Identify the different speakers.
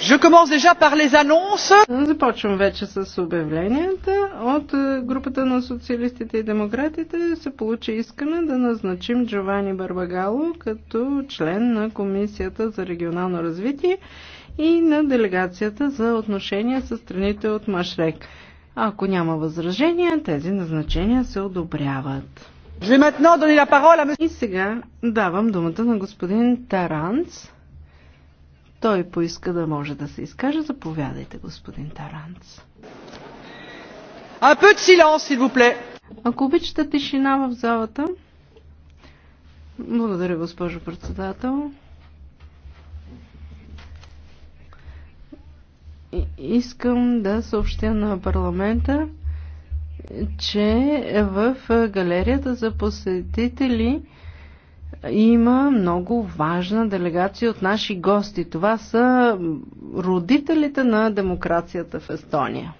Speaker 1: Je commence déjà par les annonces. Започвам вече с обявленията. От е, групата на социалистите и демократите се получи искане да назначим Джовани Барбагало като член на Комисията за регионално развитие и на делегацията за отношения с страните от Машрек. Ако няма възражения, тези назначения се одобряват. И сега давам думата на господин Таранц. Той поиска да може да се изкаже. Заповядайте, господин Таранц. Un peu de silence, s'il vous plaît. Ако обичате тишина в залата. Благодаря, госпожо председател. Искам да съобщя на парламента, че в галерията за посетители има много важна делегация от наши гости. Това са родителите на демокрацията в Естония.